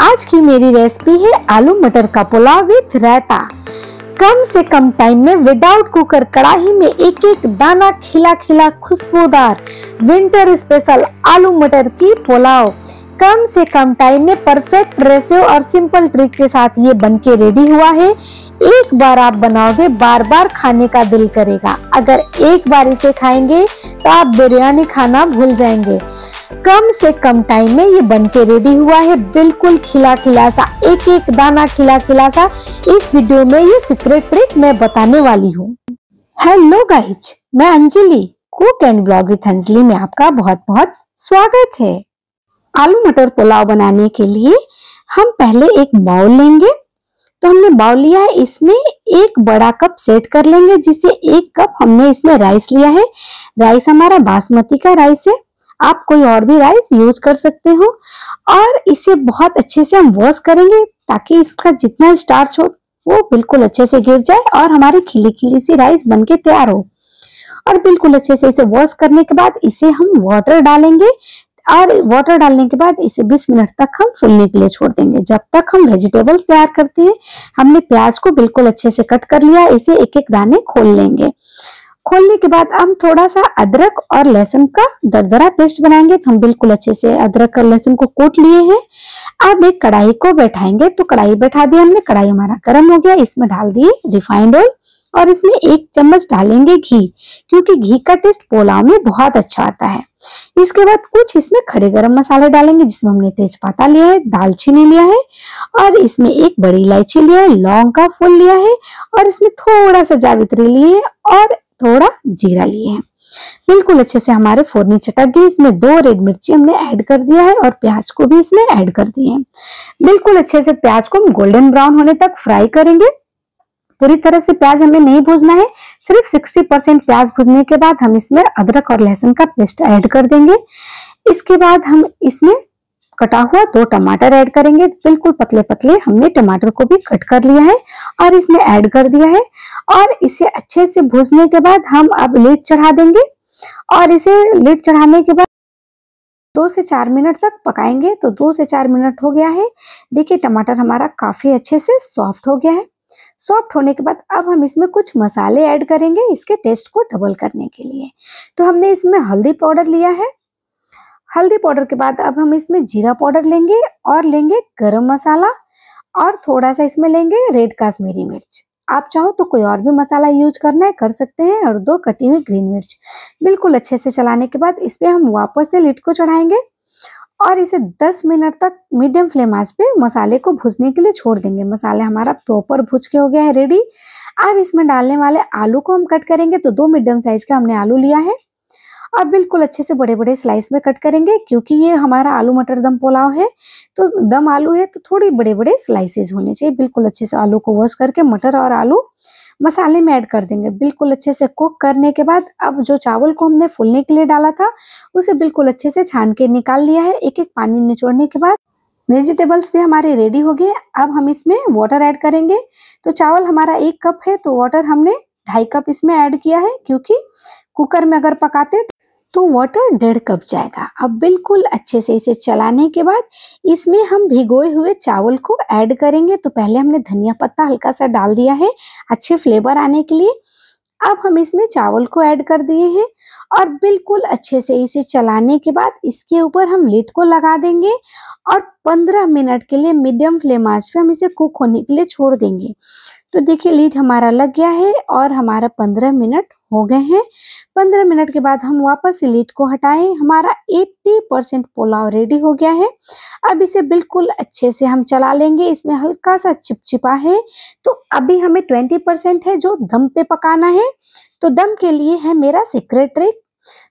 आज की मेरी रेसिपी है आलू मटर का पुलाव विथ रायता कम से कम टाइम में विदाउट कुकर कड़ाही में एक एक दाना खिला खिला खुशबूदार विंटर स्पेशल आलू मटर की पुलाव कम से कम टाइम में परफेक्ट रेसिव और सिंपल ट्रिक के साथ ये बन के रेडी हुआ है एक बार आप बनाओगे बार बार खाने का दिल करेगा अगर एक बार इसे खाएंगे तो आप बिरयानी खाना भूल जाएंगे कम से कम टाइम में ये बन के रेडी हुआ है बिल्कुल खिला खिला सा एक एक दाना खिला खिला सा इस वीडियो में ये सीक्रेट ट्रिक मैं बताने वाली हूँ हेलो गाइज मैं Anjali cook and blog with Anjali में आपका बहुत बहुत स्वागत है आलू मटर पुलाव बनाने के लिए हम पहले एक बाउल लेंगे तो हमने बाउल लिया है इसमें एक बड़ा कप सेट कर लेंगे जिसे एक कप हमने इसमें राइस लिया है राइस हमारा बासमती का राइस है आप कोई और भी राइस यूज कर सकते हो और इसे बहुत अच्छे से हम वॉश करेंगे ताकि इसका जितना स्टार्च हो वो बिल्कुल अच्छे से गिर जाए और हमारी खिली खिली सी राइस बन के तैयार हो और बिल्कुल अच्छे से इसे वॉश करने के बाद इसे हम वाटर डालेंगे और वाटर डालने के बाद इसे 20 मिनट तक हम फूलने के लिए छोड़ देंगे जब तक हम वेजिटेबल तैयार करते हैं हमने प्याज को बिल्कुल अच्छे से कट कर लिया इसे एक एक दाने खोल लेंगे खोलने के बाद हम थोड़ा सा अदरक और लहसुन का दरदरा पेस्ट बनाएंगे तो हम बिल्कुल अच्छे से अदरक और लहसुन को कूट लिए हैं अब एक कढ़ाई को बैठाएंगे तो कढ़ाई बैठा दी हमने कढ़ाई हमारा गर्म हो गया इसमें डाल दिए रिफाइंड ऑयल और इसमें एक चम्मच डालेंगे घी क्योंकि घी का टेस्ट पोलाव में बहुत अच्छा आता है इसके बाद कुछ इसमें खड़े गरम मसाले डालेंगे जिसमें हमने तेज पाता लिया है दालचीनी लिया है और इसमें एक बड़ी इलायची लिया है लौंग का फूल लिया है और इसमें थोड़ा सा जावित्री लिए है और थोड़ा जीरा लिए है बिल्कुल अच्छे से हमारे फोरनी चटक गई इसमें दो रेड मिर्ची हमने ऐड कर दिया है और प्याज को भी इसमें ऐड कर दिए हैं बिल्कुल अच्छे से प्याज को हम गोल्डन ब्राउन होने तक फ्राई करेंगे पूरी तरह से प्याज हमें नहीं भूजना है सिर्फ 60 परसेंट प्याज भूजने के बाद हम इसमें अदरक और लहसुन का पेस्ट ऐड कर देंगे इसके बाद हम इसमें कटा हुआ दो टमाटर ऐड करेंगे बिल्कुल पतले पतले हमने टमाटर को भी कट कर लिया है और इसमें ऐड कर दिया है और इसे अच्छे से भूजने के बाद हम अब लेट चढ़ा देंगे और इसे लेट चढ़ाने के बाद दो से चार मिनट तक पकाएंगे तो दो से चार मिनट हो गया है देखिए टमाटर हमारा काफी अच्छे से सॉफ्ट हो गया है सॉफ्ट होने के बाद अब हम इसमें कुछ मसाले ऐड करेंगे इसके टेस्ट को डबल करने के लिए तो हमने इसमें हल्दी पाउडर लिया है हल्दी पाउडर के बाद अब हम इसमें जीरा पाउडर लेंगे और लेंगे गरम मसाला और थोड़ा सा इसमें लेंगे रेड काश्मीरी मिर्च आप चाहो तो कोई और भी मसाला यूज करना है कर सकते हैं और दो कटी हुई ग्रीन मिर्च बिल्कुल अच्छे से चलाने के बाद इसमें हम वापस से लिट को चढ़ाएंगे और इसे 10 मिनट तक मीडियम फ्लेम आंच पे मसाले को भुजने के लिए छोड़ देंगे मसाले हमारा प्रॉपर भुज के हो गया है रेडी अब इसमें डालने वाले आलू को हम कट करेंगे तो दो मीडियम साइज का हमने आलू लिया है और बिल्कुल अच्छे से बड़े बड़े स्लाइस में कट करेंगे क्योंकि ये हमारा आलू मटर दम पुलाव है तो दम आलू है तो थोड़ी बड़े बड़े स्लाइसेज होने चाहिए बिल्कुल अच्छे से आलू को वॉश करके मटर और आलू मसाले में ऐड कर देंगे बिल्कुल अच्छे से कुक करने के बाद अब जो चावल को हमने फूलने के लिए डाला था उसे बिल्कुल अच्छे से छान के निकाल लिया है एक एक पानी निचोड़ने के बाद वेजिटेबल्स भी हमारे रेडी हो गए अब हम इसमें वाटर ऐड करेंगे तो चावल हमारा एक कप है तो वाटर हमने ढाई कप इसमें ऐड किया है क्योंकि कुकर में अगर पकाते तो वाटर डेढ़ कप जाएगा अब बिल्कुल अच्छे से इसे चलाने के बाद इसमें हम भिगोए हुए चावल को ऐड करेंगे तो पहले हमने धनिया पत्ता हल्का सा डाल दिया है अच्छे फ्लेवर आने के लिए अब हम इसमें चावल को ऐड कर दिए हैं और बिल्कुल अच्छे से इसे चलाने के बाद इसके ऊपर हम लिट को लगा देंगे और 15 मिनट के लिए मीडियम फ्लेम आंच पे हम इसे कुक होने के लिए छोड़ देंगे तो देखिए लीड हमारा लग गया है और हमारा पंद्रह मिनट हो गए हैं पंद्रह मिनट के बाद हम वापस लीड को हटाएं हमारा एट्टी परसेंट पुलाव रेडी हो गया है अब इसे बिल्कुल अच्छे से हम चला लेंगे इसमें हल्का सा चिपचिपा है तो अभी हमें ट्वेंटी परसेंट है जो दम पे पकाना है तो दम के लिए है मेरा सीक्रेट ट्रिक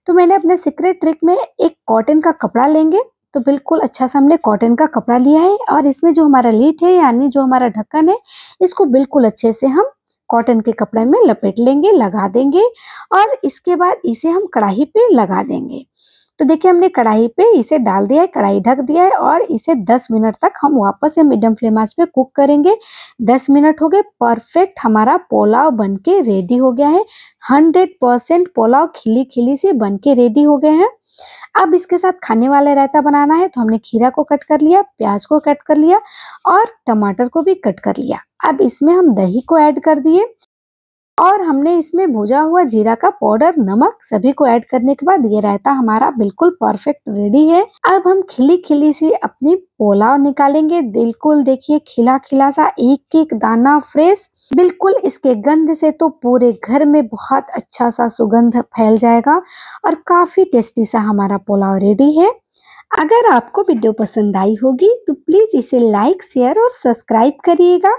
तो मैंने अपने सीक्रेट ट्रिक में एक कॉटन का कपड़ा लेंगे तो बिल्कुल अच्छा सा हमने कॉटन का कपड़ा लिया है और इसमें जो हमारा लीट है यानी जो हमारा ढक्कन है इसको बिल्कुल अच्छे से हम कॉटन के कपड़े में लपेट लेंगे लगा देंगे और इसके बाद इसे हम कढ़ाई पे लगा देंगे तो देखिए हमने कढ़ाई पे इसे डाल दिया है कढ़ाई ढक दिया है और इसे 10 मिनट तक हम वापस से मीडियम फ्लेम आंच पे कुक करेंगे 10 मिनट हो गए परफेक्ट हमारा बन बनके रेडी हो गया है 100 परसेंट पोलाव खिली खिली से बनके रेडी हो गए हैं अब इसके साथ खाने वाला रायता बनाना है तो हमने खीरा को कट कर लिया प्याज को कट कर लिया और टमाटर को भी कट कर लिया अब इसमें हम दही को ऐड कर दिए और हमने इसमें भुजा हुआ जीरा का पाउडर नमक सभी को ऐड करने के बाद ये रायता हमारा बिल्कुल परफेक्ट रेडी है अब हम खिली खिली सी अपनी पोलाव निकालेंगे बिल्कुल देखिए खिला खिला सा एक एक दाना फ्रेश बिल्कुल इसके गंध से तो पूरे घर में बहुत अच्छा सा सुगंध फैल जाएगा और काफी टेस्टी सा हमारा पोलाव रेडी है अगर आपको वीडियो पसंद आई होगी तो प्लीज़ इसे लाइक शेयर और सब्सक्राइब करिएगा